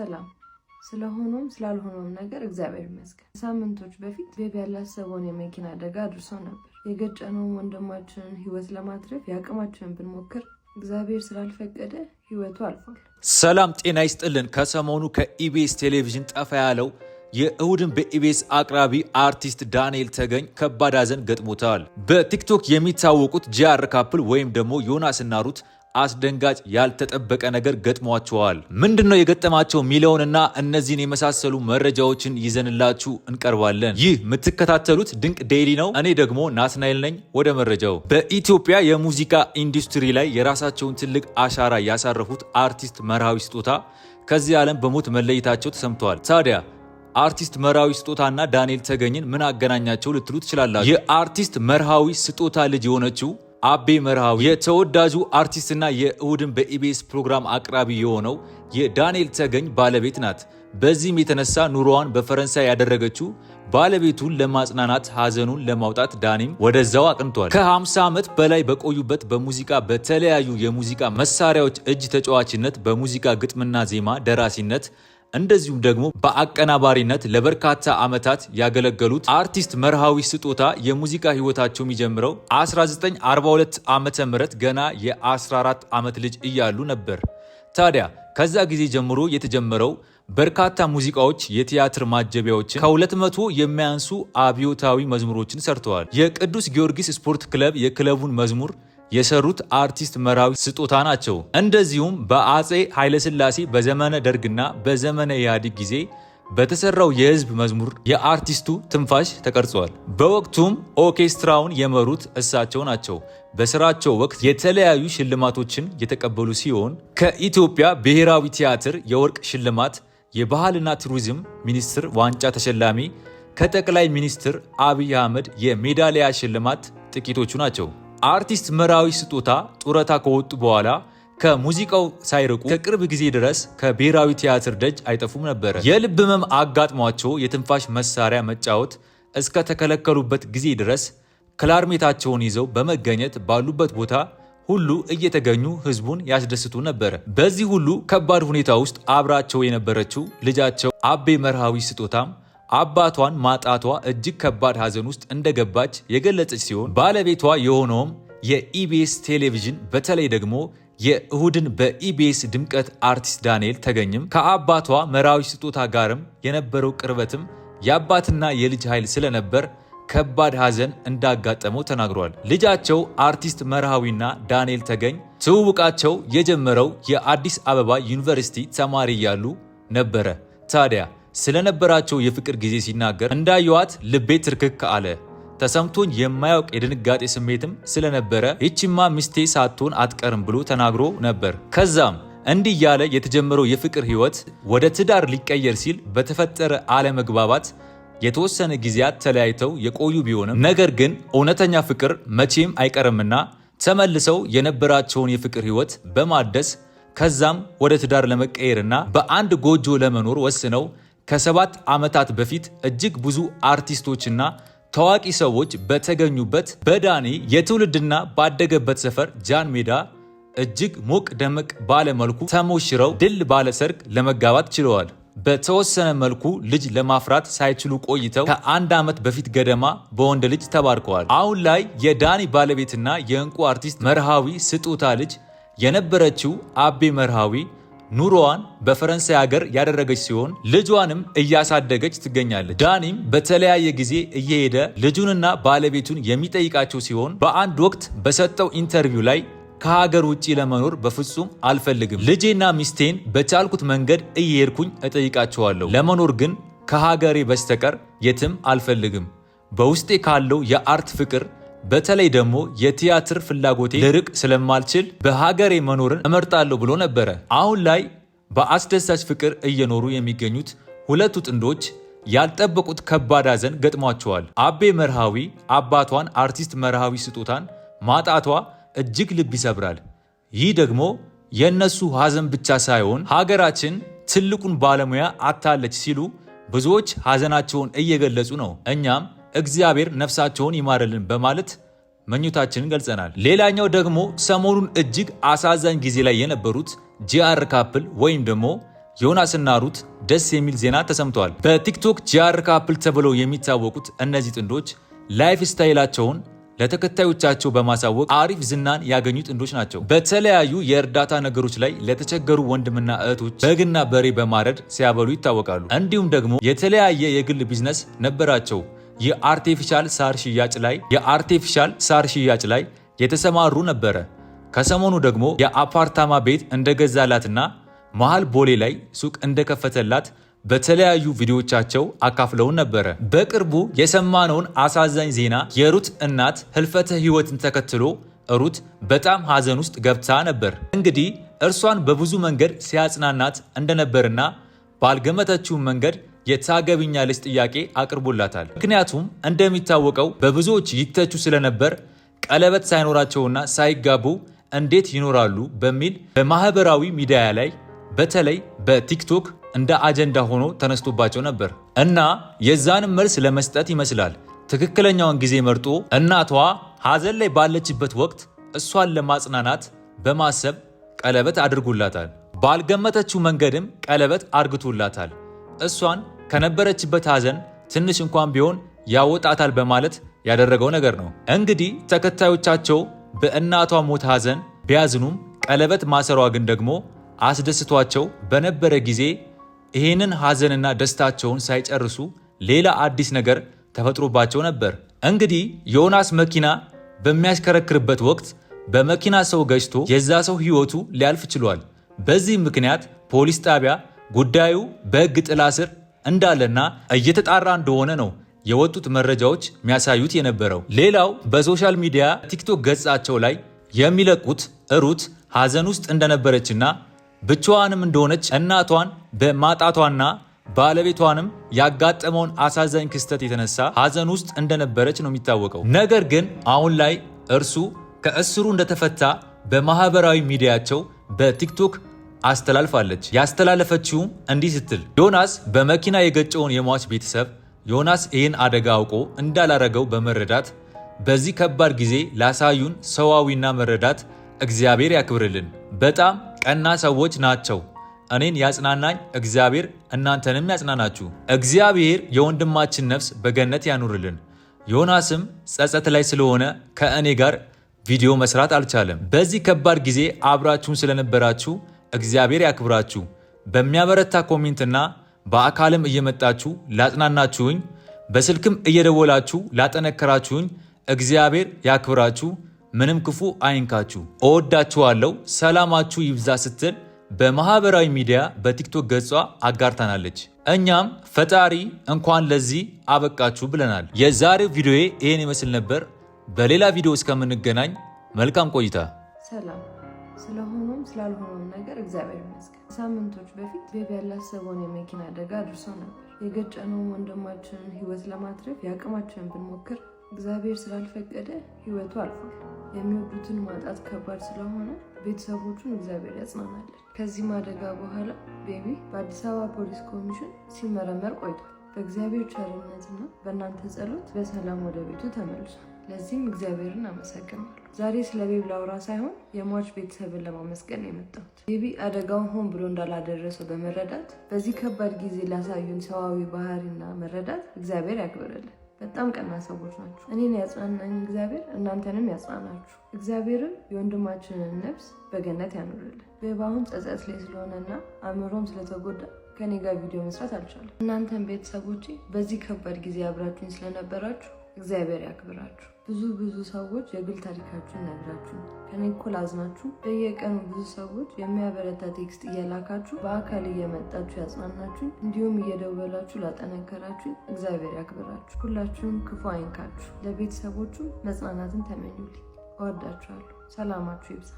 ሰላም ስለሆነም ስላልሆነም ነገር እግዚአብሔር ይመስገን። ሳምንቶች በፊት ቤቢ ያላሰበውን የመኪና አደጋ አድርሶ ነበር። የገጨነውን ወንድማችንን ህይወት ለማትረፍ የአቅማችንን ብንሞክር እግዚአብሔር ስላልፈቀደ ህይወቱ አልፏል። ሰላም ጤና ይስጥልን። ከሰሞኑ ከኢቢኤስ ቴሌቪዥን ጠፋ ያለው የእሁድን በኢቢኤስ አቅራቢ አርቲስት ዳንኤል ተገኝ ከባድ ሐዘን ገጥሞታል። በቲክቶክ የሚታወቁት ጂአር ካፕል ወይም ደግሞ እና ሩት አስደንጋጭ ያልተጠበቀ ነገር ገጥሟቸዋል። ምንድን ነው የገጠማቸው ሚለውንና እነዚህን የመሳሰሉ መረጃዎችን ይዘንላችሁ እንቀርባለን። ይህ የምትከታተሉት ድንቅ ዴይሊ ነው። እኔ ደግሞ ናትናኤል ነኝ። ወደ መረጃው። በኢትዮጵያ የሙዚቃ ኢንዱስትሪ ላይ የራሳቸውን ትልቅ አሻራ ያሳረፉት አርቲስት መርሃዊ ስጦታ ከዚህ ዓለም በሞት መለየታቸው ተሰምተዋል። ታዲያ አርቲስት መርሃዊ ስጦታና ዳንኤል ተገኝን ምን አገናኛቸው ልትሉ ትችላላችሁ። የአርቲስት መርሃዊ ስጦታ ልጅ የሆነችው አቤ መርሃዊ የተወዳጁ አርቲስትና የእሁድን በኢቢኤስ ፕሮግራም አቅራቢ የሆነው የዳንኤል ተገኝ ባለቤት ናት። በዚህም የተነሳ ኑሮዋን በፈረንሳይ ያደረገችው ባለቤቱን ለማጽናናት ሐዘኑን ለማውጣት ዳኒም ወደዛው አቅንቷል። ከ50 ዓመት በላይ በቆዩበት በሙዚቃ በተለያዩ የሙዚቃ መሳሪያዎች እጅ ተጫዋችነት፣ በሙዚቃ ግጥምና ዜማ ደራሲነት እንደዚሁም ደግሞ በአቀናባሪነት ለበርካታ ዓመታት ያገለገሉት አርቲስት መርሃዊ ስጦታ የሙዚቃ ህይወታቸው የሚጀምረው 1942 ዓ ም ገና የ14 ዓመት ልጅ እያሉ ነበር። ታዲያ ከዛ ጊዜ ጀምሮ የተጀመረው በርካታ ሙዚቃዎች፣ የቲያትር ማጀቢያዎችን ከሁለት መቶ የሚያንሱ አብዮታዊ መዝሙሮችን ሰርተዋል። የቅዱስ ጊዮርጊስ ስፖርት ክለብ የክለቡን መዝሙር የሰሩት አርቲስት መራዊ ስጦታ ናቸው። እንደዚሁም በአጼ ኃይለሥላሴ በዘመነ ደርግና በዘመነ ኢህአዴግ ጊዜ በተሰራው የህዝብ መዝሙር የአርቲስቱ ትንፋሽ ተቀርጿል። በወቅቱም ኦርኬስትራውን የመሩት እሳቸው ናቸው። በስራቸው ወቅት የተለያዩ ሽልማቶችን የተቀበሉ ሲሆን ከኢትዮጵያ ብሔራዊ ቲያትር የወርቅ ሽልማት፣ የባህልና ቱሪዝም ሚኒስትር ዋንጫ ተሸላሚ፣ ከጠቅላይ ሚኒስትር አብይ አህመድ የሜዳሊያ ሽልማት ጥቂቶቹ ናቸው። አርቲስት መራዊ ስጦታ ጡረታ ከወጡ በኋላ ከሙዚቃው ሳይርቁ ከቅርብ ጊዜ ድረስ ከብሔራዊ ቲያትር ደጅ አይጠፉም ነበር። የልብ ህመም አጋጥሟቸው የትንፋሽ መሳሪያ መጫወት እስከ ተከለከሉበት ጊዜ ድረስ ክላርሜታቸውን ይዘው በመገኘት ባሉበት ቦታ ሁሉ እየተገኙ ህዝቡን ያስደስቱ ነበር። በዚህ ሁሉ ከባድ ሁኔታ ውስጥ አብራቸው የነበረችው ልጃቸው አቤ መርሃዊ ስጦታም አባቷን ማጣቷ እጅግ ከባድ ሐዘን ውስጥ እንደገባች የገለጸች ሲሆን ባለቤቷ የሆነውም የኢቢኤስ ቴሌቪዥን በተለይ ደግሞ የእሁድን በኢቢኤስ ድምቀት አርቲስት ዳንኤል ተገኝም ከአባቷ መራዊ ስጦታ ጋርም የነበረው ቅርበትም የአባትና የልጅ ኃይል ስለነበር ከባድ ሐዘን እንዳጋጠመው ተናግሯል። ልጃቸው አርቲስት መርሃዊና ዳንኤል ተገኝ ትውውቃቸው የጀመረው የአዲስ አበባ ዩኒቨርሲቲ ተማሪ እያሉ ነበረ ታዲያ ስለነበራቸው የፍቅር ጊዜ ሲናገር እንዳየዋት ልቤ ትርክክ አለ። ተሰምቶኝ የማያውቅ የድንጋጤ ስሜትም ስለነበረ ይቺማ ሚስቴ ሳትሆን አትቀርም ብሎ ተናግሮ ነበር። ከዛም እንዲህ እያለ የተጀመረው የፍቅር ህይወት ወደ ትዳር ሊቀየር ሲል በተፈጠረ አለመግባባት የተወሰነ ጊዜያት ተለያይተው የቆዩ ቢሆንም ነገር ግን እውነተኛ ፍቅር መቼም አይቀርምና ተመልሰው የነበራቸውን የፍቅር ህይወት በማደስ ከዛም ወደ ትዳር ለመቀየርና በአንድ ጎጆ ለመኖር ወስነው ከሰባት ዓመታት በፊት እጅግ ብዙ አርቲስቶችና ታዋቂ ሰዎች በተገኙበት በዳኒ የትውልድና ባደገበት ሰፈር ጃን ሜዳ እጅግ ሞቅ ደመቅ ባለ መልኩ ተሞሽረው ድል ባለ ሰርግ ለመጋባት ችለዋል። በተወሰነ መልኩ ልጅ ለማፍራት ሳይችሉ ቆይተው ከአንድ ዓመት በፊት ገደማ በወንድ ልጅ ተባርከዋል። አሁን ላይ የዳኒ ባለቤትና የእንቁ አርቲስት መርሃዊ ስጦታ ልጅ የነበረችው አቤ መርሃዊ ኑሮዋን በፈረንሳይ ሀገር ያደረገች ሲሆን ልጇንም እያሳደገች ትገኛለች። ዳኒም በተለያየ ጊዜ እየሄደ ልጁንና ባለቤቱን የሚጠይቃቸው ሲሆን በአንድ ወቅት በሰጠው ኢንተርቪው ላይ ከሀገር ውጭ ለመኖር በፍጹም አልፈልግም፣ ልጄና ሚስቴን በቻልኩት መንገድ እየሄድኩኝ እጠይቃቸዋለሁ። ለመኖር ግን ከሀገሬ በስተቀር የትም አልፈልግም። በውስጤ ካለው የአርት ፍቅር በተለይ ደግሞ የቲያትር ፍላጎቴ ልርቅ ስለማልችል በሀገሬ መኖርን እመርጣለሁ ብሎ ነበረ። አሁን ላይ በአስደሳች ፍቅር እየኖሩ የሚገኙት ሁለቱ ጥንዶች ያልጠበቁት ከባድ ሐዘን ገጥሟቸዋል። አቤ መርሃዊ አባቷን አርቲስት መርሃዊ ስጦታን ማጣቷ እጅግ ልብ ይሰብራል። ይህ ደግሞ የእነሱ ሐዘን ብቻ ሳይሆን ሀገራችን ትልቁን ባለሙያ አታለች ሲሉ ብዙዎች ሐዘናቸውን እየገለጹ ነው። እኛም እግዚአብሔር ነፍሳቸውን ይማርልን በማለት መኞታችንን ገልጸናል። ሌላኛው ደግሞ ሰሞኑን እጅግ አሳዛኝ ጊዜ ላይ የነበሩት ጂአር ካፕል ወይም ደግሞ ዮናስና ሩት ደስ የሚል ዜና ተሰምተዋል። በቲክቶክ ጂአር ካፕል ተብለው የሚታወቁት እነዚህ ጥንዶች ላይፍ ስታይላቸውን ለተከታዮቻቸው በማሳወቅ አሪፍ ዝናን ያገኙ ጥንዶች ናቸው። በተለያዩ የእርዳታ ነገሮች ላይ ለተቸገሩ ወንድምና እህቶች በግና በሬ በማረድ ሲያበሉ ይታወቃሉ። እንዲሁም ደግሞ የተለያየ የግል ቢዝነስ ነበራቸው። የአርቴፊሻል ሳር ሽያጭ ላይ የአርቴፊሻል ሳር ሽያጭ ላይ የተሰማሩ ነበረ። ከሰሞኑ ደግሞ የአፓርታማ ቤት እንደገዛላትና መሃል ቦሌ ላይ ሱቅ እንደከፈተላት በተለያዩ ቪዲዮዎቻቸው አካፍለውን ነበረ። በቅርቡ የሰማነውን አሳዛኝ ዜና የሩት እናት ህልፈተ ህይወትን ተከትሎ ሩት በጣም ሀዘን ውስጥ ገብታ ነበር። እንግዲህ እርሷን በብዙ መንገድ ሲያጽናናት እንደነበርና ባልገመተችው መንገድ የታገቢኛለች ጥያቄ አቅርቦላታል። ምክንያቱም እንደሚታወቀው በብዙዎች ይተቹ ስለነበር ቀለበት ሳይኖራቸውና ሳይጋቡ እንዴት ይኖራሉ በሚል በማህበራዊ ሚዲያ ላይ በተለይ በቲክቶክ እንደ አጀንዳ ሆኖ ተነስቶባቸው ነበር እና የዛንም መልስ ለመስጠት ይመስላል ትክክለኛውን ጊዜ መርጦ እናቷ ሐዘን ላይ ባለችበት ወቅት እሷን ለማጽናናት በማሰብ ቀለበት አድርጎላታል። ባልገመተችው መንገድም ቀለበት አርግቶላታል። እሷን ከነበረችበት ሐዘን ትንሽ እንኳን ቢሆን ያወጣታል በማለት ያደረገው ነገር ነው። እንግዲህ ተከታዮቻቸው በእናቷ ሞት ሐዘን ቢያዝኑም ቀለበት ማሰሯ ግን ደግሞ አስደስቷቸው በነበረ ጊዜ ይህንን ሐዘንና ደስታቸውን ሳይጨርሱ ሌላ አዲስ ነገር ተፈጥሮባቸው ነበር። እንግዲህ ዮናስ መኪና በሚያሽከረክርበት ወቅት በመኪና ሰው ገጭቶ የዛ ሰው ሕይወቱ ሊያልፍ ችሏል። በዚህ ምክንያት ፖሊስ ጣቢያ ጉዳዩ በሕግ ጥላ ስር እንዳለና እየተጣራ እንደሆነ ነው የወጡት መረጃዎች የሚያሳዩት የነበረው። ሌላው በሶሻል ሚዲያ ቲክቶክ ገጻቸው ላይ የሚለቁት ሩት ሐዘን ውስጥ እንደነበረችና ብቻዋንም እንደሆነች እናቷን በማጣቷና ባለቤቷንም ያጋጠመውን አሳዛኝ ክስተት የተነሳ ሐዘን ውስጥ እንደነበረች ነው የሚታወቀው። ነገር ግን አሁን ላይ እርሱ ከእስሩ እንደተፈታ በማህበራዊ ሚዲያቸው በቲክቶክ አስተላልፋለች። ያስተላለፈችውም እንዲህ ስትል ዮናስ በመኪና የገጨውን የሟች ቤተሰብ ዮናስ ይህን አደጋ አውቆ እንዳላረገው በመረዳት በዚህ ከባድ ጊዜ ላሳዩን ሰዋዊና መረዳት እግዚአብሔር ያክብርልን። በጣም ቀና ሰዎች ናቸው። እኔን ያጽናናኝ እግዚአብሔር እናንተንም ያጽናናችሁ። እግዚአብሔር የወንድማችን ነፍስ በገነት ያኑርልን። ዮናስም ጸጸት ላይ ስለሆነ ከእኔ ጋር ቪዲዮ መስራት አልቻለም። በዚህ ከባድ ጊዜ አብራችሁን ስለነበራችሁ እግዚአብሔር ያክብራችሁ። በሚያበረታ ኮሜንትና በአካልም እየመጣችሁ ላጥናናችሁኝ፣ በስልክም እየደወላችሁ ላጠነከራችሁኝ እግዚአብሔር ያክብራችሁ፣ ምንም ክፉ አይንካችሁ። እወዳችኋለሁ፣ ሰላማችሁ ይብዛ ስትል በማህበራዊ ሚዲያ በቲክቶክ ገጿ አጋርታናለች። እኛም ፈጣሪ እንኳን ለዚህ አበቃችሁ ብለናል። የዛሬው ቪዲዮዬ ይህን ይመስል ነበር። በሌላ ቪዲዮ እስከምንገናኝ መልካም ቆይታ። ሰላም ስለሆኑም ስላልሆኑም ነገር እግዚአብሔር ይመስገን። ሳምንቶች በፊት ቤቢ ያላሰበውን የመኪና አደጋ አድርሶ ነበር። የገጨነውን ወንድማችንን ህይወት ለማትረፍ የአቅማችንን ብንሞክር እግዚአብሔር ስላልፈቀደ ህይወቱ አልፏል። የሚወዱትን ማጣት ከባድ ስለሆነ ቤተሰቦቹን እግዚአብሔር ያጽናናለን። ከዚህም አደጋ በኋላ ቤቢ በአዲስ አበባ ፖሊስ ኮሚሽን ሲመረመር ቆይቷል። በእግዚአብሔር ቸርነትና በእናንተ ጸሎት በሰላም ወደ ቤቱ ተመልሷል። ለዚህም እግዚአብሔርን አመሰግናለሁ። ዛሬ ስለ ቤቢ ላውራ ሳይሆን የሟች ቤተሰብን ለማመስገን የመጣሁት። ቤቢ አደጋውን ሆን ብሎ እንዳላደረሰው በመረዳት በዚህ ከባድ ጊዜ ላሳዩን ሰዋዊ ባህሪና መረዳት እግዚአብሔር ያክብርልን። በጣም ቀና ሰዎች ናቸው። እኔን ያጽናናኝ እግዚአብሔር እናንተንም ያጽናናችሁ። እግዚአብሔርም የወንድማችንን ነፍስ በገነት ያኖርልን። በባሁን ጸጸት ላይ ስለሆነና አእምሮም ስለተጎዳ ከኔ ጋር ቪዲዮ መስራት አልቻለም። እናንተን ቤተሰቦቼ በዚህ ከባድ ጊዜ አብራችሁኝ ስለነበራችሁ እግዚአብሔር ያክብራችሁ። ብዙ ብዙ ሰዎች የግል ታሪካችሁን ነግራችሁ ከኔ እኮ ላዝናችሁ። በየቀኑ ብዙ ሰዎች የሚያበረታ ቴክስት እየላካችሁ በአካል እየመጣችሁ ያጽናናችሁ፣ እንዲሁም እየደወላችሁ ላጠነከራችሁ እግዚአብሔር ያክብራችሁ። ሁላችሁም ክፉ አይንካችሁ። ለቤተሰቦቹ መጽናናትን ተመኙልኝ። እወዳችኋለሁ። ሰላማችሁ ይብዛ።